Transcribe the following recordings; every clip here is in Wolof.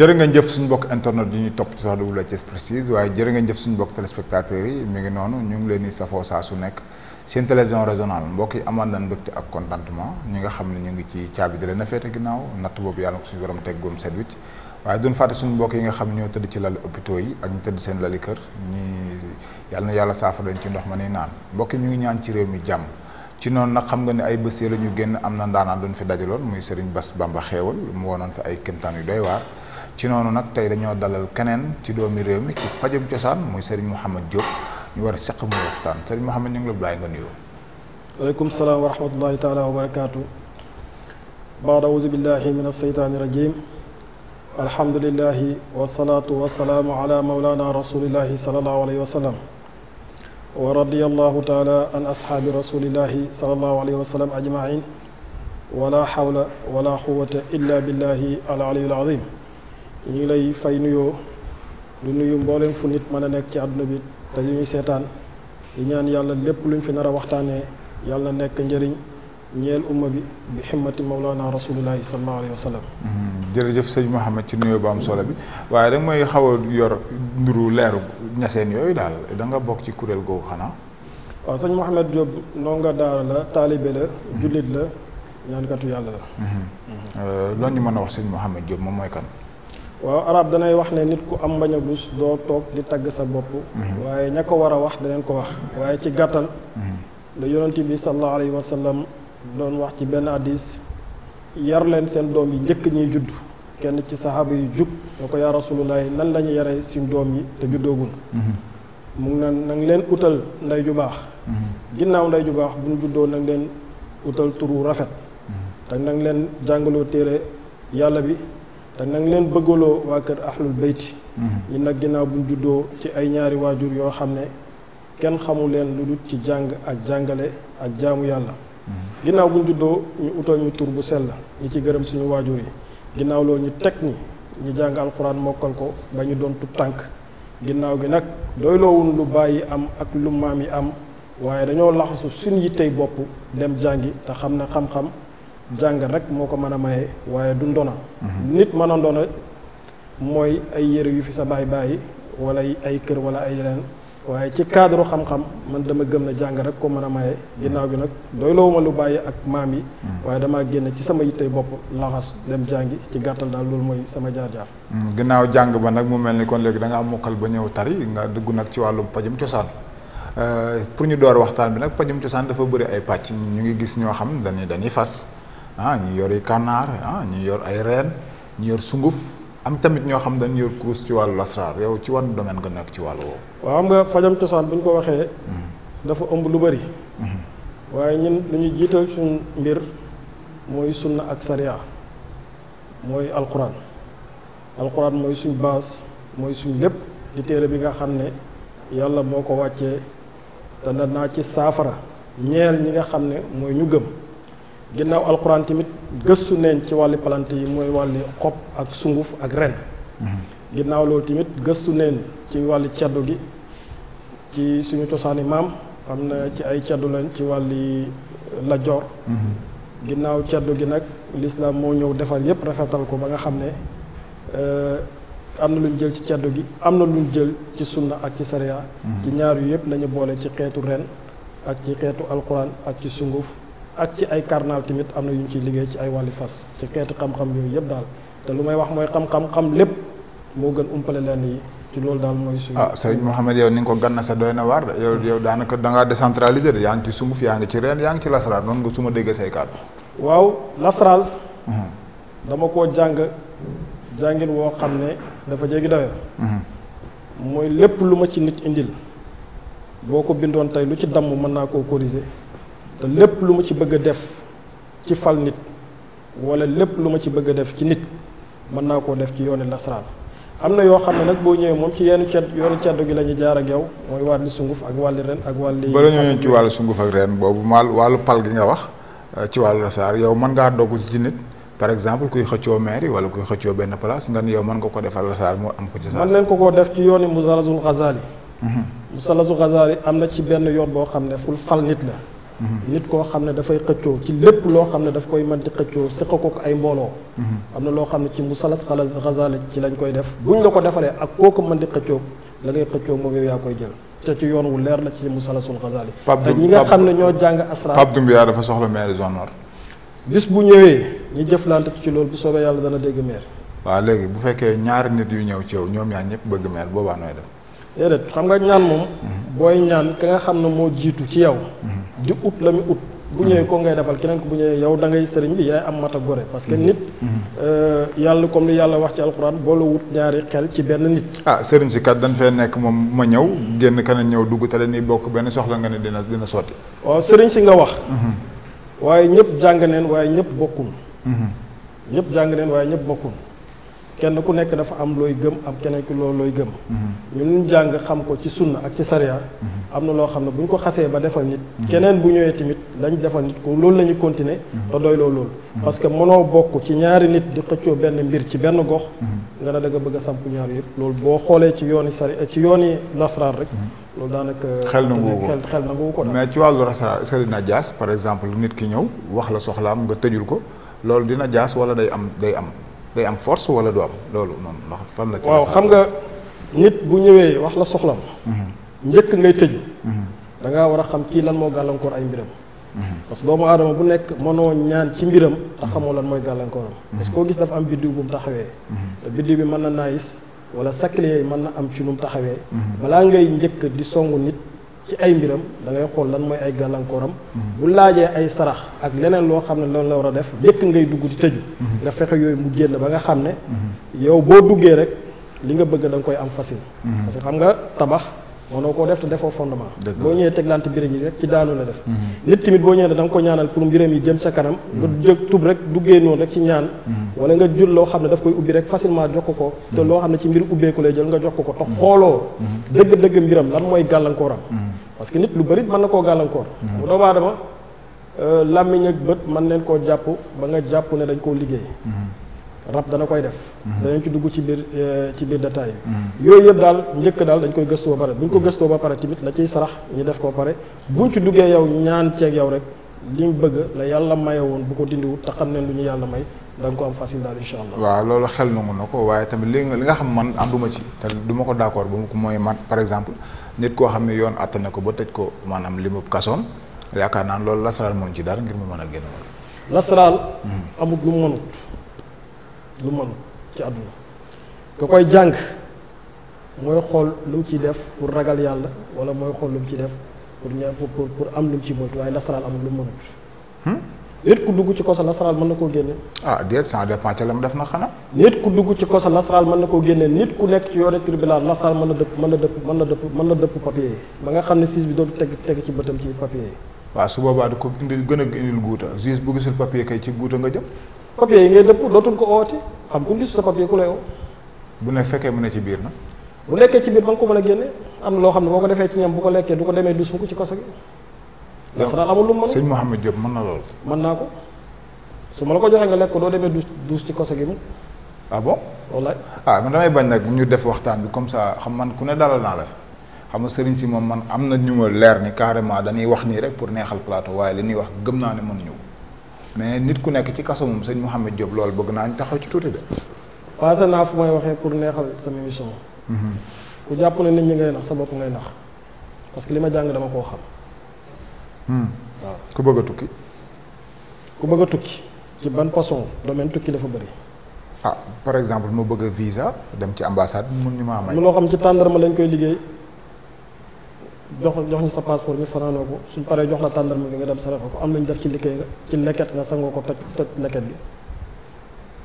jërë ngeen jëf suñu bokk internet yi ñu topp ci Soxla Wu la Thiès Prestige waaye jërë ngeen jëf suñu bokk téléspectateurs yi mi ngi noonu ñu ngi leen di safoo saa su nekk seen télévision régionale mbokk yi amaan nañ mbégte ak contentement ñi nga xam ne ñu ngi ci caabi di leen a féete ginnaaw natt boobu yàlla na ko suñu borom teg góom set waaye duñ fàtte suñu mbokk yi nga xam ne ñoo tëdd ci lal hôpitaux yi ak ñu tëdd seen lali kër ñi yàlla na yàlla saafara ci ndox ma ni naan mbokk ñu ngi ñaan ci réew mi jàmm ci noonu nag xam nga ne ay bés la ñu génn am na ndaanaan doon fi dajaloon muy Serigne Bass Bamba xeewal mu woonoon fi ay kémtaan yu doy waar ci noonu nag tey dañoo dalal keneen ci doomi réew mi ci fajum cosaan muy Serigne Mouhamed Diop ñu war a seq mu waxtaan Serigne Mouhamed ñu ngi la bàyyi nga nuyoo. waaleykum salaam wa rahmatullahi taala wa barakaatu. baad awuzu billahi min asseytaani rajim. alhamdulilahi wasalaatu wasalaamu ala wa sallam. wa radiyallahu an ashaabi rasulillahi salallahu alayhi wala xawla wala quwata illa billahi al aliyul ñu ngi lay fay nuyoo du nuyu mbooleem fu nit mën a nekk ci àdduna bi te yu ñuy seetaan di ñaan yàlla lépp luñ fi nar a waxtaanee yàlla na nekk njëriñ ñeel umma bi bi himmati mawlaana rasulillahi sallallahu alayhi wa sallam. Mhm. jërëjëf sëñ Mouhamed ci nuyoo bu am solo bi waaye danga mooy xaw a yor nduru leeru ñaseen yooyu daal danga bokk ci kuréel googu xanaa. waaw sëñ Mouhamed Diop ndonga daara la taalibe la mhm. jullit la ñaankatu yàlla la. Mhm. Euh, loolu ñu mën a wax sëñ Mouhamed Diop moom mooy kan. waaw arab danay wax ne nit ku am mbañ bus do tok di tag sa bop mhm. waaye ñako wara wah a wax ko wax waaye ci gatal mhm. la yonent bi sallallahu alayhi wa sallam wax ci ben hadis yar len sen dom yi jek ñi judd kenn ci sahaba yu juk nako ya rasulullah nan la yare sin dom yi te juddogul mhm. mu ngi nan nang len utal nday ju bax ginnaw nday ju bax bu ñu nang len utal turu rafet tak nang len jangalo tere yalla bi te nang leen bëggaloo waa kër ahlul bayti ñi mhm. nag ginnaaw buñ juddoo ci ay ñaari waajur yoo xam ne kenn xamu leen lu dul ci jàng ak jàngale ak jaamu yàlla mhm. ginnaaw buñ juddoo ñu utal ñu tur bu sell ñi ci gërëm suñu waajur yi ginnaaw lool ñu teg ñi ñu jàng alxuraan mokkal ko ba ñu doon tut tànk ginnaaw gi nag doyloowun lu bàyyi am ak lu maam yi am waaye dañoo laxasu suñ tey bopp dem jàngi te xam ne xam-xam jàng rek moo ko mën a maye waaye du ndona nit mën a ndona mooy ay yére yu fi sa baay bàyyi wala ay kër wala ay yeneen waaye ci cadre xam-xam man dama gëm na jàng rek ko mën a maye ginnaaw bi nag doyloo ma lu ak maam yi mm. waaye damaa génn ci sama yittey bopp laxas dem jàngi ci gàttal daal loolu mooy sama jaar-jaar mm, ginnaaw jàng ba nag mu mel ni kon léegi danga am mokkal ba ñëw tari nga dugg nag ci wàllum pajum cosaan euh, pour ñu door waxtaan bi nag pajum cosaan dafa bëri ay pàcc ñu ngi gis ñoo xam dañuy dañuy fas ah ñi yor canard ah ñi yor ay reen ñi yor sunguf am tamit ño xam dañ yor cruise ci walu lasrar yow ci wan domaine nga nek ci walu woowu xam nga fajam tosan buñ ko waxee hmm. dafa ëmb lu bari hmm. waye ñun lu ñu suñ mbir moy sunna ak sharia moy alquran alquran moy suñ base moy suñ lepp di téré bi nga xamné yalla moko moo ko na ci safara ñeel ñi nga xamné moy ñu gëm ginnaaw alxuraan tamit gëstu neen ci wàllu plante yi mooy wàlli xob ak sunguf ak ren mhm. ginnaaw loolu tamit gëstu neen ci wàllu ceddu gi ci suñu cosaani maam am na ci ay ceddu lañ ci wàlli lajoor mhm. ginnaaw ceddo gi nag lislaam moo ñëw defar yépp rafetal ko ba nga xam ne euh, am na luñ jël ci ceddo gi am na lu jël ci sunna ak ci sariya mhm. ci ñaar yu yépp lañu boole ci xeetu ren ak ci xeetu alxuraan ak ci sunguf ak ci ay carnal timit amna yuñ ci liggéey ci ay wali fas ci xeetu xam-xam yoy yeb dal té lumay wax moy xam-xam xam lepp mo gën umpalé lén yi ci lool dal moy suñu ah serigne mohammed yow ni nga ko ganna sa doyna na waar yow yow daanaka da nga décentraliser ya ngi ci sunguf ya ngi ci reen ya ngi ci lasral non nga suma déggé déggee say kàddu waaw lasraal mhm. dama ko jang wo xamné dafa jégi doyo mhm. mooy lépp lu ci nit indil boko bindon tay lu ci dam man naa corriger te lépp lu ma ci bëgg a def ci fal nit wala lépp lu ma ci bëgg def ci nit mën naa koo def ci yoonu nasaraan am na yoo xam ne nag boo ñëwee moom ci yenn cedd yoonu ceddo gi la ñu jaar ak yow mooy wàllu sunguf ak wàllu ren ak wàllu. bala ñu ci wàllu sunguf ak boobu maal wàllu pal gi nga wax euh, ci wàllu nasaraan yow mën ngaa dogg ci nit. par exemple kuy xëccoo maire wala kuy xëccoo benn place nga ne yow mën nga ko defal rasaar mu am ko ci saa. mën ko koo def ci yooni musalazul xazaali. musalazul mhm. xazaali am na ci benn yoon boo xam ne ful fal nit la. nit koo xam ne dafay xëccoo ci lépp loo xam ne daf koy mën di xëccoo si ko ay mbooloo. Mhm. am na loo xam ne ci musalas xala xasaale ci lañ koy def ñu la ko defalee ak kooku man di xëccoo la ngay xëccoo moom yow yaa koy jël. te ci yoon wu leer la ci musalasul xasaali. Pape Doumbia ñi nga xam ne ñoo jàng asra. Pape Doumbia dafa soxla maire zone nord. bis bu ñëwee ñu jëflante ci loolu bu soobee yàlla dana dégg maire. waa léegi bu fekkee ñaari nit yu ñëw ci yow ñoom yaa ñëpp bëgg maire boobaa nooy def. déedéet xam nga ñaan moom booy ñaan ka nga xam ne moo jiitu ci yow di ut la mu ut bu ñëwee ko ngay defal keneen ko bu ñëwee yow da ngay sëriñ bi yaay am matagore parce que nit euh, yàlla comme li yàlla wax ci alxuraan boo wut ñaari xel ci benn nit ah sëriñ si kat dañ fee nekk moom ma ñëw génn keneen ñëw dugg te dañuy bokk benn soxla nga ne dina dina sotti waaw sëriñ si nga wax mhm. waaye ñëpp jàng neen waaye ñëpp bokkul mhm. ñëpp jàng neen waaye ñëpp bokkul kenn ku nekk dafa am looy gëm am keneen ku loolu looy gëm mm-hmm. ñun jàng xam ko ci sunna ak ci sariya mm-hmm. am na loo xam ne bu ñu ko xasee ba defal nit mm-hmm. keneen bu ñëwee tamit lañ defal nit ko loolu la ñuy continuer te doy loo loolu parce que mënoo bokk ci ñaari nit di xëccoo benn mbir ci benn gox nga ne da nga bëgg a samp ñaar yëpp loolu boo xoolee ci yooni sari ci yooni lasraar rek loolu daanaka xel nangu ko xel nangu ko mais ci wàllu lasraar jaas par exemple nit ki ñëw wax la am nga tëjul ko loolu dina jaas wala day am day am day am force wala du am loolu noonu ndax fan la. waaw xam nga nit bu ñëwee wax la soxlam mhm. njëkk ngay tëju. Mhm. da war a xam kii lan moo gàllankoor ay mbiram. Mhm. parce que doomu aadama bu nekk mënoo ñaan ci mbiram te xamoo lan mooy gàllankooram. parce que koo gis dafa am biddiw bu mu taxawee. te biddiw bi mën na naayis wala sakle yi mën na am ci nu mu taxawee. balaa ngay njëkk di songu nit. ci ay mbiram da ngay xool lan mooy ay gàllankooram bu laajee ay sarax ak leneen loo xam ne loolu la war a def lépp ngay dugg ci tëju nga fexe yooyu mu génn ba nga xam ne yow boo duggee rek li nga bëgg da nga koy am facile parce que xam nga tabax mënoo koo def te defoo fondement boo ñëwee teglante birig yi rek ci daanu la def nit tamit boo ñëwee da nga ko ñaanal pour mbiram yi jëm sa kanam nga mm-hmm. jóg tub rek duggee noonu rek ci ñaan mm-hmm. wala nga jël loo xam ne daf koy ubbi rek facilement jox ko ko te loo xam ne ci mbir ubbeeku lay jël nga jox ko ko te mm-hmm. xooloo dëgg-dëgg mbiram lan mooy gàllankooram parce que nit lu bëri man na koo gàllankoor mu doomu aadama euh, làmmiñ ak bët mën leen koo jàpp ba nga jàpp ne dañ koo liggéey rab dana koy def. Mhm. danañ ci dugg ci biir eh, ci biir détail yi. Mhm. yooyu yëpp daal njëkk daal dañ koy gëstoo ba pare bu ñu ko mhm. gëstoo ba pare tamit la ciy sarax ñu def ko pare buñ ci duggee yow ñaan ceeg yow rek liñ bëgg la yàlla maye woon bu ko dindiwut te xam ne lu ñu yàlla may da ko am facile daal incha allah. waaw loolu xel nangu na ko waaye tamit li nga li nga xam man ànduma ci te du ma ko d' accord ba mu ko mooy man par exemple nit koo xam ne yoon àttan na ko ba tëj ko maanaam li mu kasoon yaakaar naa loolu lasaraal moom ci dara a génn. lasaraal amut lu mu mënut lu mënu ci àdduna ka koy jàng mooy xool lu mu ciy def pour ragal yàlla wala mooy xool lu mu ciy def pour ñaan pour pour am lu mu ci mënut waaye nasaraan amul lu mu mënut. Hmm? nit ku dugg ci kosa nasaraan mën na koo génne. ah déet ça dépend la def na xanaa. nit ku dugg ci kosa nasaraan mën na koo génne nit ku nekk ci yoone tribunal nasaraan mën na dëpp mën na dëpp mën na dëpp mën na dëpp papier yi ba nga xam ne siis bi doon teg teg ci bëtam ci papier yi. waaw su boobaa du ko indi gën a indil guuta siis bu gisul papier kay ci guuta nga jëm. papier yi ngay dëpp dootuñ ko ooti xam ku gisu sa papier ku lay oo bu ne fekkee mu ne ci biir na bu nekkee ci biir ba nga ko mën a génne am na loo xam ne boo ko defee ci ñam bu ko lekkee du ko demee dus fukk ci kaso gi nasaraan amul lu mu mën sëñ Mouhamed Diop mën na loolu mën naa ko su ma la ko joxee nga lekk ko demee dus ci kaso gi mu ah bon wallaay ah man damay bañ nag ñu def waxtaan bi comme ça xam man ku ne dalal naa la fi xam nga sëriñ si moom man am na ñu leer ni carrément dañuy wax nii rek pour neexal plateau waaye li ñuy wax gëm naa ne mënuñu ko mais nit ku nek ci kasso moom seigne Mouhamed Diop loolu bëgg naa taxaw ci touti de. passé naa fu may waxee pour neexal sama hmm ku jàpp ne nit ñi ngay nax sa bopp ngay nax parce que lima jang dama ko xam. Mhm. waaw ku bëgg tukki. ku bëgg tukki ci ban façon domaine tukki dafa bari ah par exemple mu bëgg visa dem ci ambassade mun ñu ma may. lo xam ci tàndarma lañ koy liggéey. jox jox ñu sa passeport ñu fanaanoo ko suñ paree jox la tàndarma bi nga dem saraxe ko am nañ def ci liggéey ci leket nga sangoo ko toj toj leket bi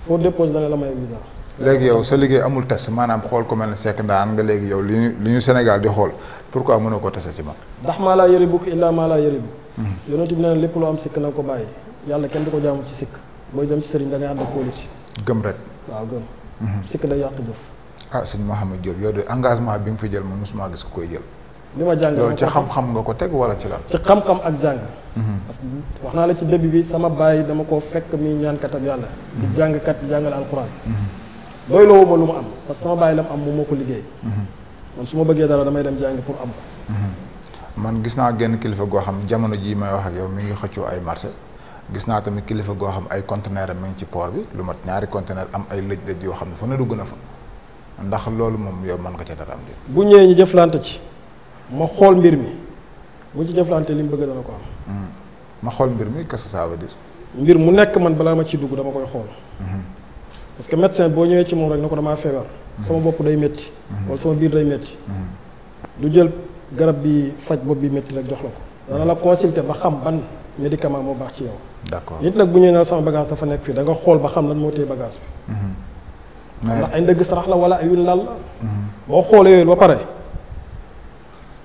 foo dépose dana la may visa léegi yow sa liggéey amul test maanaam xool ko mel ne Seck Ndaan nga léegi yow li ñu ñu Sénégal di xool pourquoi mënoo ko tese ci man ndax maa laa yëri bukk illaa maa laa yëri bukk mhm. yonent bi nee na lépp lu am sikk na ko bàyyi yàlla kenn du ko jaamu ci sikk booy dem ci sëriñ da ngay ànd ak kóolute gëm rek waaw gëm mhm. sikk day yàq jëf ah sëñ Mouhamed Diop yow de engagement bi nga fi jël man mosuma gis ku koy jël li ma jàng loolu ci xam-xam nga ko teg wala ci lan. ci xam-xam ak jàng. Mhm. parce que wax naa la ci début bi sama baay dama ko fekk mi ñaankatam yàlla. Mhm. di jàngkat di jàngale alxuraan. Mhm. lu ma am parce que baay la am moom moo ko liggéey. man su ma bëggee dara damay dem jàngi pour am man gis naa genn kilifa goo xam jamono jii may wax yow mi ngi xëccoo ay marché. gis naa tamit kilifa goo xam ay conteneur am ngi ci port bi lu mat ñaari conteneur am ay lëj yoo xam ne fa ne dugg na fa ndax loolu moom yow mën nga ca dara am. bu ñëwee ñu jëflante ci. ma xool mbir mi bu ci jëflante li mu bëgg dana ko am. ma xool mbir mi qu'est-ce que ça veut dire. mbir mu nekk man balaa ma ci dugg dama koy xool. parce que médecin boo ñëwee ci moom rek na ko damaa sama bopp day métti. wala sama biir day métti. du jël garab bi faj bopp bi métti rek jox la ko. dana la consulter ba xam ban médicament moo baax ci yow. d'accord nit nag bu ñëwee naa sama bagage dafa nekk fii da nga xool ba xam lan moo téye bagage bi. ndax ay ndëgg sarax la wala ay win lal la. boo xoolee ba pare.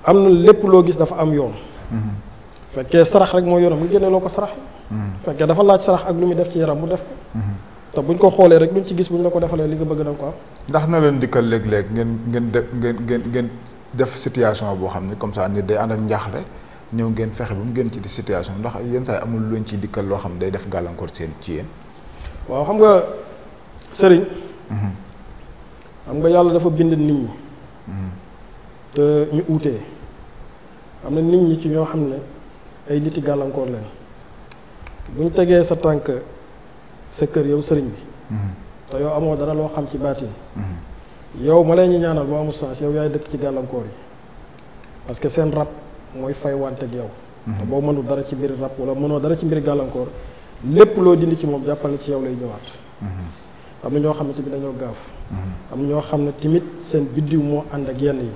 am na lépp loo gis dafa am yoon. Mm-hmm. fekkee sarax rek mooy yoonam nga génne loo ko sarax. Mm-hmm. fekkee dafa laaj sarax ak lu muy def ci yaram mu def ko. Mm-hmm. te buñ ko xoolee rek luñ ci gis buñ la ko defalee li nga bëgg da ko ndax na leen dikkal léeg-léeg ngeen ngeen def ngeen ngeen ngeen def situation boo xam ne comme ça nit day ànd ak njaaxle ñëw ngeen fexe ba mu gën ci di situation ndax yenn saa yi amul luñ ciy dikkal loo xam ne day def gàllankoor seen ci yéen. waaw xam nga sëriñ. xam nga yàlla dafa bind nit ñi. te ñu uutee am na nit ñi ci ñoo xam ne ay niti gàllankoor leen bu ñu tegee sa tànk sa kër yow sëriñ bi mhm. te yow amoo dara loo xam ci baatin mhm. yow ma leen ñu ñaanal boo amul sens yow yaay dëkk ci gàllankoor yi parce que seen rab mooy fay wante ak yow mhm. te boo mënul dara ci mbiri rab wala mënoo dara ci mbir gàllankoor lépp loo dindi ci moom jàppal na ci yow lay ñëwaat am na ñoo xam ne tamit dañoo gaaf. am ñoo xam na tamit seen biddiw moo ànd ak yenn yi.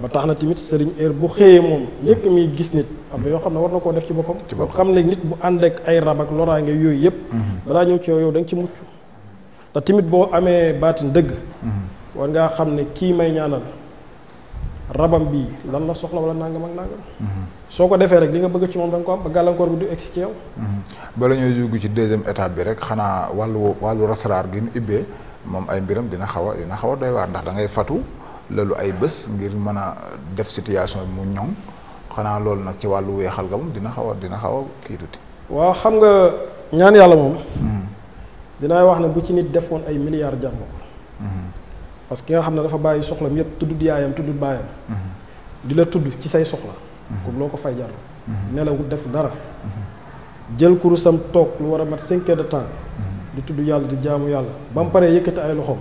ba tax na tamit sëriñ heure bu xëyee moom njëkk mi gis nit am na yoo xam ne war na koo def ci boppam. ci boppam xam ne nit bu ànd ak ay rab ak loraange yooyu yëpp. balaa ñëw ci yow da ci mucc te tamit boo amee baatin dëgg. war ngaa xam ne kii may ñaanal rabam bi lan la soxla wala nangam ak nangam. soko defé rek li nga bëgg ci mom dang ko am ba galankor bi du ex ci yow. Mhm. ba lañu dugg ci deuxième étape bi rek xana walu walu rasrar gi ñu ibé mom ay mbiram dina xawa dina xawa doy war ndax da ngay fatu lolu ay bëss ngir mëna def situation mu ñong xana lolu nak ci walu wéxal gam dina xawa dina xawa ki tuti wa xam nga ñaan yalla mom mhm. dina wax na bu ci nit defoon ay milliards jamm na ko. Mhm. parce que nga xam ne dafa bayyi soxlam yépp tuddu yaayam tuddu bayam dila tuddu ci say soxla. comme loo ko fay jarul. nelawut def dara. jël kurusam toog lu war a mat cinq de temps. di tudd yàlla di jaamu yàlla ba mu paree yëkkati ay loxoom.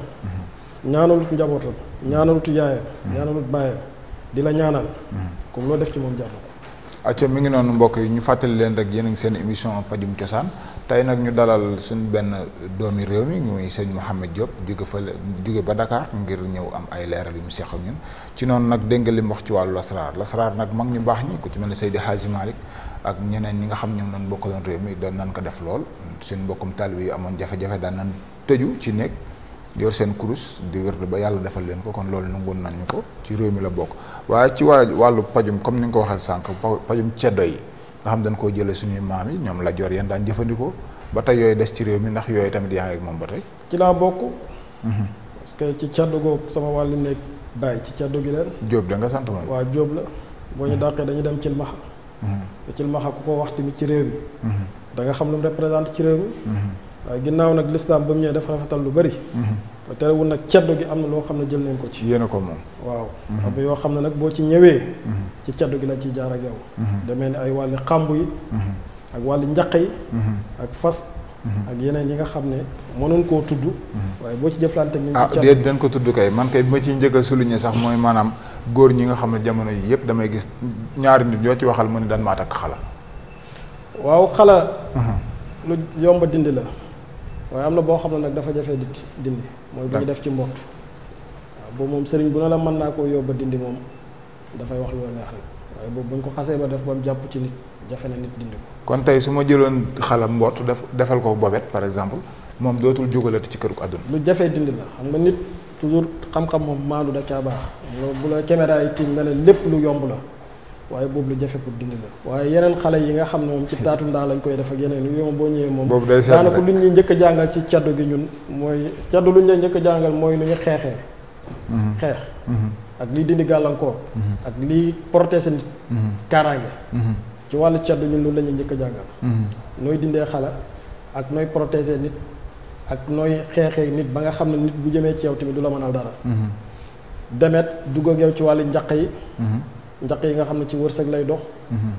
ñaanalut njabootam ñaanalut yaayam. ñaanalut baayam di la ñaanal. comme loo def ci moom jarul. acco mi ngi noonu mbokk yi ñu fàttali leen rek yéen seen émission pajum cosaan tey nag ñu dalal suñu benn doomi réew mi muy sëñ Mouhamed Diop jóge fa jóge ba Dakar ngir ñëw am ay leeral yu mu seq ñun ci noonu nag dégg li wax ci wàllu lasraar lasraar nag mag ñu baax ñi ku ci mel ne Seydi Hadji Malick ak ñeneen ñi nga xam ñoom lañ bokkaloon réew mi daan nan ko def lool suñu mbokkum taalibe yu amoon jafe-jafe daan nan tëju ci nekk yor seen kurus di wér ba yàlla defal leen ko kon loolu nangoon nañu ko ci réew mi la bokk waaye ci waa wàllu pajum comme ni nga ko waxee sànq pajum ceddo yi nga xam dañ koo jëlee suñuy maam yi ñoom la jor yeen daan jëfandikoo ba tey yooyu des ci réew mi ndax yooyu tamit yaa ngi ak moom ba tey. ci laa bokk. Mhm. parce que ci ceddo googu sama wàllu nekk bàyyi ci ceddo gi leen. Jóob da nga sant moom. waaw Jóob la. boo ñu mhm. dàqee dañu dem Cilmaxa. Mhm. te Cilmaxa ku ko wax tamit ci réew mi. da xam lu waaye ginnaaw nag lislaam ba mu ñëwee dafa rafetal lu bëri mhm. terewul nag ceddo gi am na loo xam ne jël nañ ko ci yéen ko moom waaw mhm. ab yoo xam ne nag boo ci ñëwee mhm. ci ceddo gi lañ ci jaar ak deme demee ni ay wàlli xàmb yi ak wàlli njaq yi ak fas ak yeneen yi nga xam ne mënoon koo tudd waaye boo ci jëflante ñu ah déet dañ ko tudd kay man kay bi ma ciy njëkk a souligner sax mooy maanaam góor ñi nga xam ne jamono yi yëpp damay gis ñaari nit yoo ci waxal mu ne dan maa takk xala waaw dindi la waaye am na boo xam ne nag dafa jafee di dindi mooy bu ñu def ci mbott waaw boobu moom sëriñ bu ne la mën naa koo yóbba dindi moom dafay wax lu la waaye boobu bu ñu ko xasee ba def ba mu jàpp ci nit jafe na nit dindi ko kon tey su ma jëloon xalam mbott def defal ko bobet par exemple moom dootul jógalati ci këru àdduna lu jafee dindi la xam nga nit toujours xam-xam moom maandu da caa baax bu la caméra yi tiim nga ne lépp lu yomb la waaye boobu la jafe pour dindi la waaye yeneen xale yi nga xam ne moom ci taatu ndaa lañ koy def ak yeneen yi yow boo ñëwee moom daanaka lu ñuy njëkk jàngal ci caddu gi ñun mooy caddu lu ñu lay jëkk a jàngal mooy lu ñu xeexee mm-hmm. xeex mm-hmm. ak liy dindi gàllankoor mm-hmm. ak liy protéger nit kaaraange ci wàllu caddu ñun loolu la ñuy njëkk a jàngal nooy dindee xale ak nooy protéger nit ak nooy xeexee nit ba nga xam ne nit bu jëmee ci yow tamit du la mën mënal dara demet dugg ak yow ci wàll njaq yi njaq yi nga xam ne ci wërsëg lay dox mhm.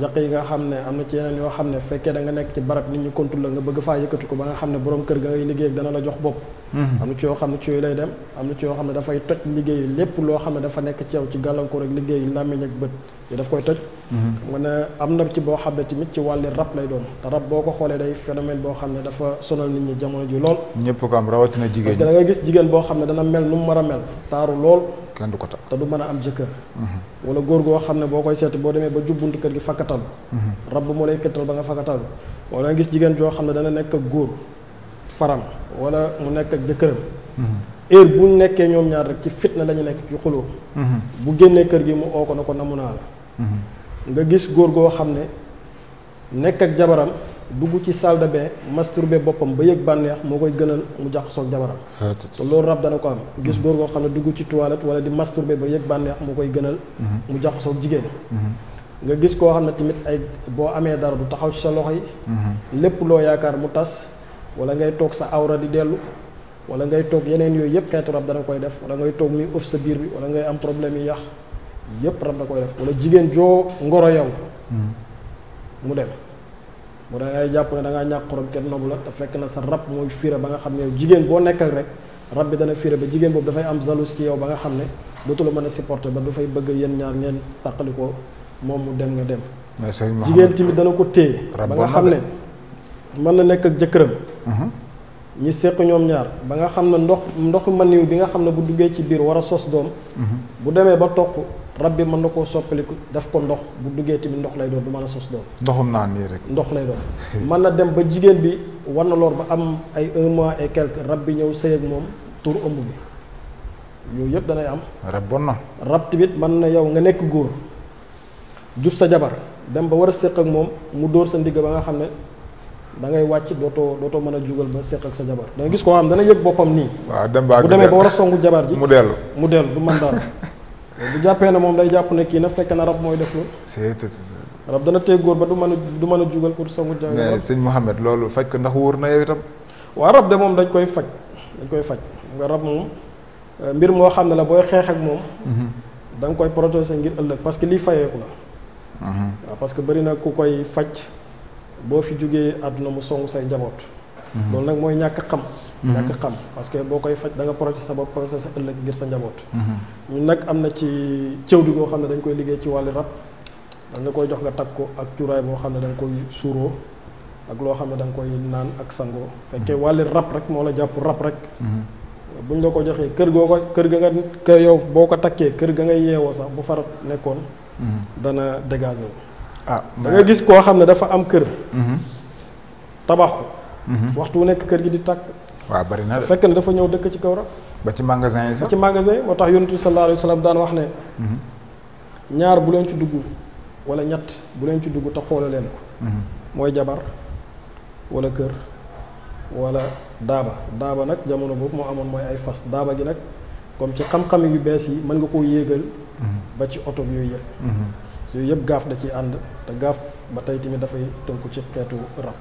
njaq yi nga xam ne am na ci yeneen yoo xam ne fekkee da nga nekk ci barab nit ñu contrôle la nga bëgg faa yëkkatu ko ba nga xam ne borom kër ga ngay liggéey dana la jox bopp mhm. am na ci yoo xam ne ci yooyu lay dem am na ci yoo xam ne dafay toj liggéey lépp loo xam ne dafa nekk ci yow ci gàllankoor ak liggéey làmmiñ ak bët yi daf koy toj xam nga am na ci boo xam ne tamit ci wàlli rab lay doon te rab boo ko xoolee day phénomène boo xam ne dafa sonal nit ñi jamono ji lool. ñëpp ko am rawatina jigéen parce que da gis jigéen boo xam ne dana mel nu mu war a mel lool. kenn du ko te du mën a am jëkkër. Mhm. wala góor goo xam ne boo koy seeti boo demee ba jubbuntu kër gi fakkatal. Mhm. rab moo lay këttal ba nga fakkatal wala gis jigéen joo xam ne dana nekk ak góor faram wala mu nekk ak jëkkëram. Mhm. heure bu nekkee ñoom ñaar rek ci fitna la ñu nekk ci xuloo bu génnee kër gi mu oo ko na ko namu naa la nga gis góor goo xam ne nekk ak jabaram dugg ci salle de bain boppam ba yëg bànneex moo koy gënal mu jaxasoo ak jabaram ah, te loolu rab dana ko am mm-hmm. gis góor goo xam ne dugg ci toilette wala di masturbé ba yëg bànneex moo koy gënal mm-hmm. mu jaxasoo ak jigéen mm-hmm. nga gis koo xam ne tamit ay boo amee dara du taxaw ci sa loxo yi lépp loo yaakaar mu tas wala ngay toog sa awra di dellu wala ngay toog yeneen yooyu yëpp xeetu rab dana koy def wala ngay toog muy ëf sa bi wala ngay am problème yi yàq yépp ram da koy def wala jigéen joo ngoro yow hmm. mu dem mu da ngay jàpp ne da ngaa ñàkk xorom kenn nobu la te fekk na sa rab mooy ba nga xam ne jigéen boo nekkal rek rab bi dana firé ba jigéen boobu dafay am jalous ci yow ba nga xam ne dootu la mën a supporter ba fay bëgg yéen ñaar ngeen tàqalikoo moom mu dem nga dem jigéen tamit dana ko téye ba nga xam ne mën na nekk ak jëkkëram mhm. ñi seq ñoom ñaar ba nga xam ndox ndoxu maniw bi nga xam bu duggee ci biir war a sos doom mhm. bu demee ba toq rabbi man nako na koo soppaliku daf ko ndox bu duggé timi ndox lay doon du sos ndoxum na ni rek. ndox lay doon man na dem ba jigen bi war lor ba am ay 1 mois et quelques rabbi ñew sey ak mom tur ombu bi yeb da lay am. Rabbona. na. rab tibit man na yow nga nek goor djub sa jabar dem ba wara sekk ak mom mu dóor sa ndig ba nga xam da ngay wacc doto doto meuna jugal ba sekk ak sa jabar da nga gis am da dana yeb bopam ni wa dem ba bu ba wara songu jabar ji mu del mu del du man dara. bu jàppee na moom day jàpp ne kii na fekk na rab mooy def loolu. c'est rab dana tey góor ba du mën a du mën a jugal pour sangu jàng. mais sëñ Mouhamed loolu faj wóor na yow itam. de moom dañ koy faj dañ koy faj nga moom euh, mbir moo xam ne booy xeex ak moom. Mhm. da nga koy protéger ngir ëllëg parce que lii fayeeku la. Mhm. parce que bëri na ku koy faj boo fi jógee àdduna mu songu say njaboot. Mhm. loolu nag mooy ñàkk xam. nak mhm. xam parce que bokay fajj da nga projet sa bop projet sa ëlëk ngir sa njabot mhm. ñun nak am na ci cëw go xamne dañ koy liggé ci walu rap dañ la koy jox nga takk ko ak ciuray bo xamne dañ koy suro ak lo xamne dañ koy naan ak sango mhm. fekke walu rap rek mo la japp rap rek buñ la ko joxé kër goo kër ga nga kër yow boko takké kër ga nga yéwo sax bu far nekkon dana dégager ah da nga gis ko xamne dafa am kër tabax waxtu nek kër gi di tak waaw bari na fekk ne dafa ñëw dëkk ci kaw rab ba ci magasin yi sax ba ci magasin yi moo tax yonent bi sallallahu alayhi daan wax ne mhm. ñaar bu leen ci dugg wala ñett bu leen ci dugg te xoola leen ko mhm. mooy jabar wala kër walla daaba daaba nag jamono boobu moo amoon mooy ay fas daaba gi nag comme ci xam-xam yu bees yi mën nga koo yéegal mhm. ba ci oto yooyu yëpp yooyu yëpp gaaf da ciy ànd te gaaf ba tey tamit dafay tonk ci keetu rab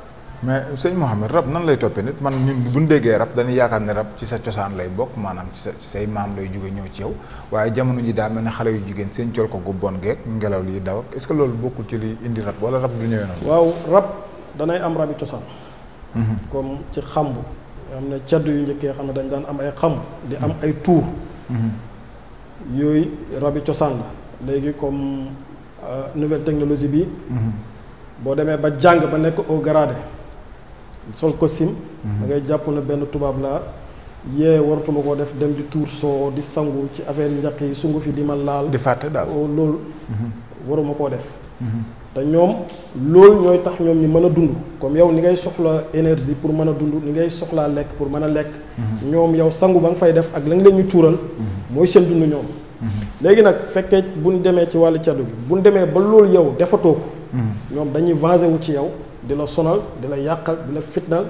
mais sëñ Mouhamed rab nan lay toppee nit man ñun bu ñu déggee rab dañuy yaakaar ne rab ci sa cosaan lay bokk maanaam ci sa ci say maam lay jóge ñëw ci yow waaye jamono ji daan mel ne xale yu jigéen seen col ko gu bon geeg ngelaw lii daw est ce que loolu bokkul ci liy indi rab wala rab du ñëwee noonu. waaw rab danay am rabi cosaan. Mhm. comme ci xamb. am na caddu yu njëkkee xam ne dañ daan am ay xamb. di am ay tuur. Mhm. yooyu rabi cosaan la léegi comme euh, nouvelle technologie bi. Mhm. boo demee ba jàng ba nekk au gradé. sol costume mhm. da jàpp na benn tubaab laa yee waratuma koo def dem di tuur soo di sangu ci affaire njaq yi sungu fi di ma laal. di fàtte daal oh, loolu. Mhm. waruma koo def. Mhm. te ñoom loolu ñooy tax ñoom ñi mën a dund comme yow ni ngay soxla énergie pour mën a dund ni ngay soxlaa lekk pour mën a lekk. ñoom yow sangu ba nga fay def ak la leen ñu tuural. mooy seen dund ñoom. léegi nag fekkee bu ñu demee ci wàllu caddu gi bu ñu demee ba loolu yow defatoo ko. ñoom dañuy venger wu ci yow. di la sonal di la yàqal di la fitnal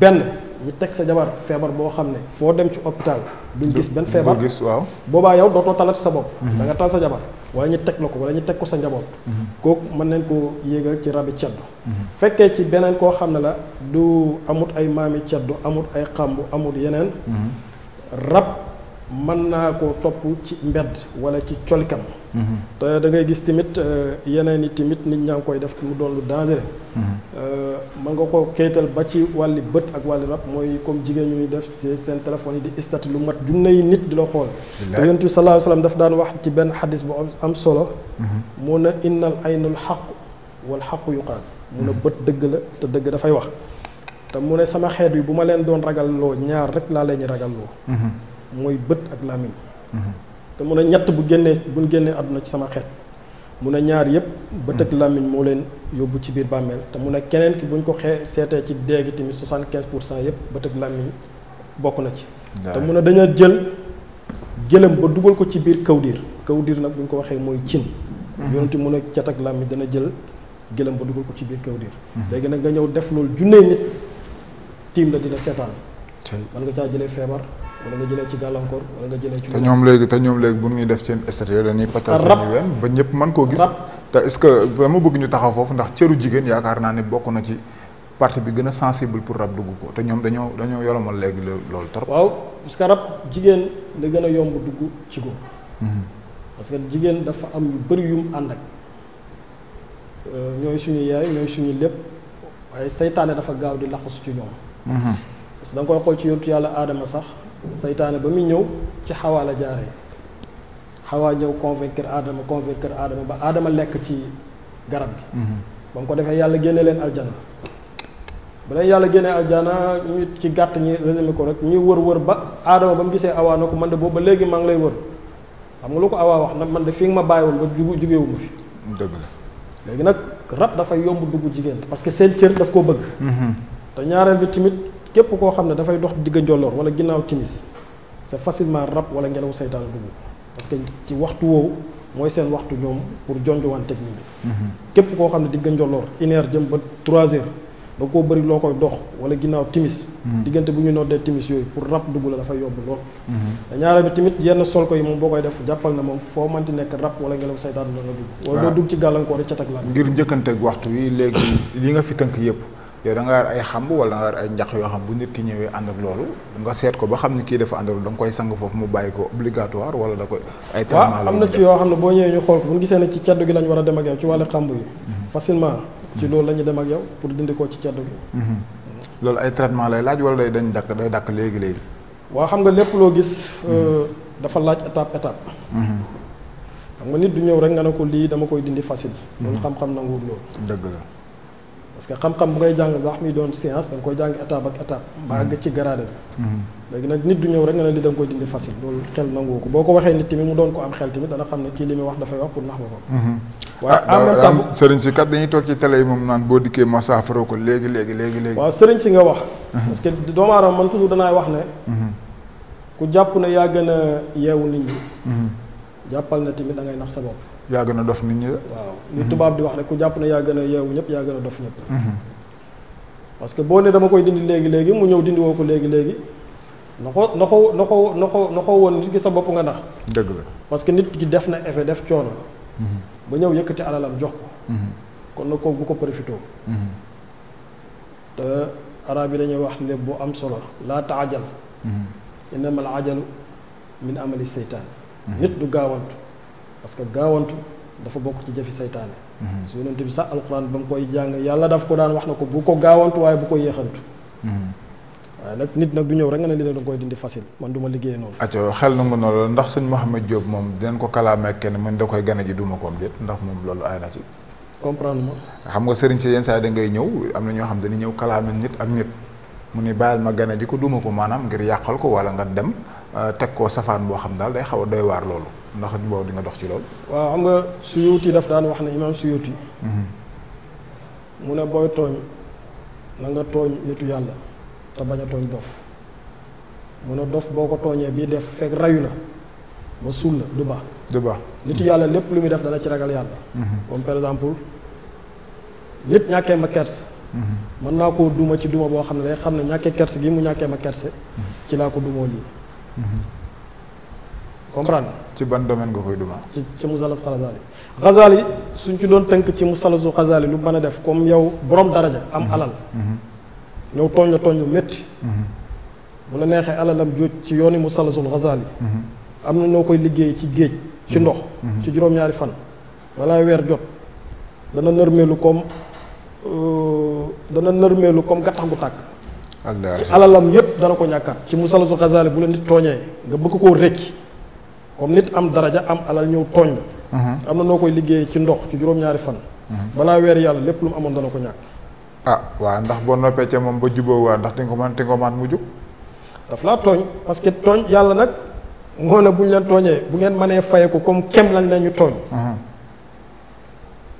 benn ñu teg sa jabar feebar boo xam ne foo dem ci hôpital duñ gis benn feebar gis waaw boobaa yow dootoo talat sa bopp mhm. da nga tal sa jabar wala ñu teg la ko wala ñu teg ko sa njaboot mhm. kooku mën nañ ko yéegal ci rabi ceddu mhm. fekkee ci beneen koo xam ne la du amut ay maami ceddu amut ay xàmbu amut yeneen rab mën naa ko topp ci mbedd wala ci colikam te da gis tamit euh, yeneen i tamit nit ñaa ngi koy def mu doon lu dangereux euh, mën nga ko kayital ba ci wàlli bët ak wàlli rab mooy comme jigéen ñu ñuy def seen téléphone yi di stati lu mat junne yi nit di la xool te yonent bi sallallahu alayhi wax ci benn xadis bu am solo mm-hmm. mu ne innal aynul xaq wal xaqu yuqaal mu ne mm-hmm. bët dëgg la te dëgg dafay wax te mu ne sama xeet bi bu ma leen doon ragalloo ñaar rek laa leen ñu ragalloo mm-hmm. mooy bët ak làmmiñ mhm. te mun a ñett bu génnee bu génnee àdduna ci sama xeet mun a ñaar yëpp bët ak làmmiñ moo leen yóbbu ci biir bàmmeel te mun a keneen ki buñ ko xee seetee ci dee gi tamit soixante quinze pour cent yëpp bët ak làmmiñ bokk na ci te mun a dañoo jël jëlam ba dugal ko ci biir kawdir kawdir nag bu ko waxee mooy cin mhm. yonente mun a cat ak làmmiñ dana jël gëlëm ba dugal ko ci biir kawdir mhm. léegi nag nga ñëw def loolu junne nit tiim la dina seetaan nga caa jëlee feebar wala nga jëlee ci gàllankoor wala nga jëlee ci. te ñoom léegi te ñoom léegi bu ñuy def seen statut yooyu dañuy patal seen i ween ba ñëpp mën koo gis te est ce que dama bëgg ñu taxaw foofu ndax cëru jigen yaakaar naa ne bokk na ci partie bi gën a sensible pour rab dugg ko te ñoom dañoo dañoo yolomal léegi loolu trop. waaw parce que rab jigéen la gën yomb dugg ci góor. Mhm. parce que jigéen dafa am yu bëri yu mu ànd euh, suñu yaay ñooy suñu lépp waaye saytaane dafa gaaw di laxasu ci ñoom. Mhm. parce que da nga koy xool ci yontu yàlla aadama sax seytaane ba muy ñëw ci xawaa la jaaree xawaa ñëw convaincre aadama convaincre aadama ba aadama lekk ci garab gi mhm. ba mu ko defee yàlla génne leen aljana ba leen yàlla génnee aljana ñu ci gàtt ñi résumé ko rek ñuy wër wër ba aadama ba mu gisee awaa na ko man de boobu ba léegi maa ngi lay wër xam nga lu ko awaa wax na man de fi nga ma bàyyi woon ba jugu jugewu ma fi dëgg la léegi nag rab dafay yomb dugg jigéen parce que seen cër daf koo bëgg mhm. te ñaareel képp koo xam ne dafay dox digg njolloor wala ginnaaw timis c'est facilement rab wala ngelaw seytaan dugg parce que ci waxtu woow mooy seen waxtu ñoom pour jonjuwaan technique mhm. képp koo xam ne digg njolloor une heure jëm ba trois heures koo bëri loo koy dox wala ginnaaw timis mhm. diggante bu ñu noddee timis yooyu pour rab dugg la dafay yomb lool mhm. ñaareel bi tamit yenn sol ko yi moom boo koy def jàppal na moom foo manti nekk rab wala ngelaw seytaan la nga dugg wala ah. doo dugg ci gàllankoor yi cat ak laaj ngir njëkkanteeg waxtu wi léegi li nga fi tënk yëpp yow da nga war ay xamb wala nga war ay njaq yoo xam bu nit ki ñëwee ànd ak loolu nga seet ko ba xam ni kii dafa ànd da nga koy sang foofu mu bàyyi ko obligatoire wala da koy ay traitement la am na ci yoo xam ne boo ñëwee ñu xool ko bu ñu gisee ne ci ceddu gi lañ war a dem ak yow ci wàllu xamb yi mhm. facilement mhm. ci loolu la ñuy dem ak yow pour dindi ko ci ceddu gi mhm. loolu ay traitement lay laaj wala day dañ dakk day dakk léegi léegi waa xam nga lépp loo gis euh, dafa laaj étape étape xam nga nit du ñëw rek nga ne ko dama koy dindi facile loolu xam-xam nanguwul loolu dëgg la parce que xam-xam bu ngay jàng ndax mi doon science da nga koy jàng étape ak étape. ba àgg ci garaade bi. Mm-hmm. léegi nag nit du ñëw rek nga ne li da koy dindi facile loolu xel nangu ko boo ko waxee nit tamit mu doon ko am xel tamit dana xam ne kii li muy wax dafay wax pour nax ma ko. Mm-hmm. waaye ah, en même toog ci télé yi moom naan boo dikkee ma saafara ko léegi léegi léegi léegi. waaw sëriñ si nga wax. Mm-hmm. parce que man toujours danaay wax ne. ku jàpp ne yaa gën a yeewu nit ñi. jàppal na tamit da ngay nax sa bopp yàgg gën dof nit ñi. waaw li tubaab di wax rek ku jàpp na yaa gën a yeewu ñëpp yàgg na dof ñëpp. Mm-hmm. parce que boo ne dama koy dindi léegi léegi mu ñëw dindi woo ko léegi léegi noxoo noxoo noxoo noxoo noxoo woon nit ki sa bopp nga nax. dëgg la parce que nit ki def na effet def coono. Mm-hmm. ba ñëw yëkkati alalam jox ko. Mm-hmm. kon nag kooku bu ko profité. te arab yi dañuy wax lépp bu am solo laa taajal. innamal ajalu min amali seytaan. nit du gaawantu. parce que gaawantu dafa bokk ci jëfi saytaane mhm. su yonent bi sax alquran ba mu koy jàng yàlla daf ko daan wax na ko bu ko gaawantu waaye bu ko yéexantu mhm. waaye nak nit nag du ñëw rek nga ne li da koy dindi facile man du ma liggéey noonu aco xel nangu na loolu ndax sëñ Mouhamed Diop moom dinañ ko kalaamee kenn mën da koy gane ji duma koom déet ndax moom loolu aay na ci comprendre ma xam nga sëriñ si yenn saa da ngay ñëw am na ñoo xam dañuy ñëw kalaame nit ak nit mu ni ma gane ji ko duma ko maanaam ngir yàqal ko wala nga dem euh, teg koo safan boo xam daal day xaw doy ndax boobu di nga dox ci lool waaw xam nga suyuuti daf daan wax ne imaam suyuuti mhm. mu ne booy tooñ na nga tooñ nitu yàlla te bañ a dof mu ne dof boo ko tooñee def fekk rayu la ba suul la du baax du baax nitu yàlla lépp lu muy def dana ci ragal yàlla mhm. comme par exemple nit ñàkkee ma kerse mhm. mën naa duma ci duma day gi mu ma ci ko comprendre ci ban domaine nga koy duma ci ci musallas Xazaali Xazaali suñ ci doon tënk ci mu musallasu Xazaali lu mën a def comme yow boroom daraja am mhm. alal ñëw mhm. tooñ la tooñ lu metti mhm. bu la neexee alalam jóoj ci yooni musallasul Xazaali am na noo koy liggéey ci géej ci ndox ci juróom-ñaari fan walaay weer jot dana nërmeelu comme euh, dana nërmeelu comme gattax gu tàkk ci alalam yépp dana ko ñàkkaat ci mu musallasu Xazaali bu la nit tooñee nga bëgg koo rekki comme nit am daraja am alal ñëw tooñ la mhm. am na noo koy liggéey ci ndox ci juróom-ñaari fan mhm. balaa weer yàlla lépp lu mu amoon dana ko ñàkk ah waaw ndax boo noppee ca moom ba jubóo waa ndax di nga ko ko mën mu jub daf laa tooñ parce que tooñ yàlla nag moo ne leen tooñee bu ngeen mënee fayeku comme kem lañ leen ñu tooñ mhm.